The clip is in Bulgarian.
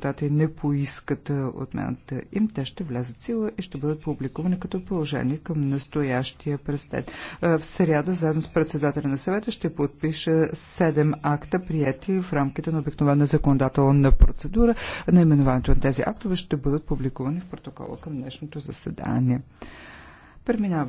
депутати не поискат отмяната им, те ще влязат сила и ще бъдат публикувани като положение към настоящия президент. В сряда, заедно с председателя на съвета, ще подпиша седем акта, прияти в рамките на обикновена законодателна процедура. Наименованието на тези актове ще бъдат публикувани в протокола към днешното заседание. Преминавам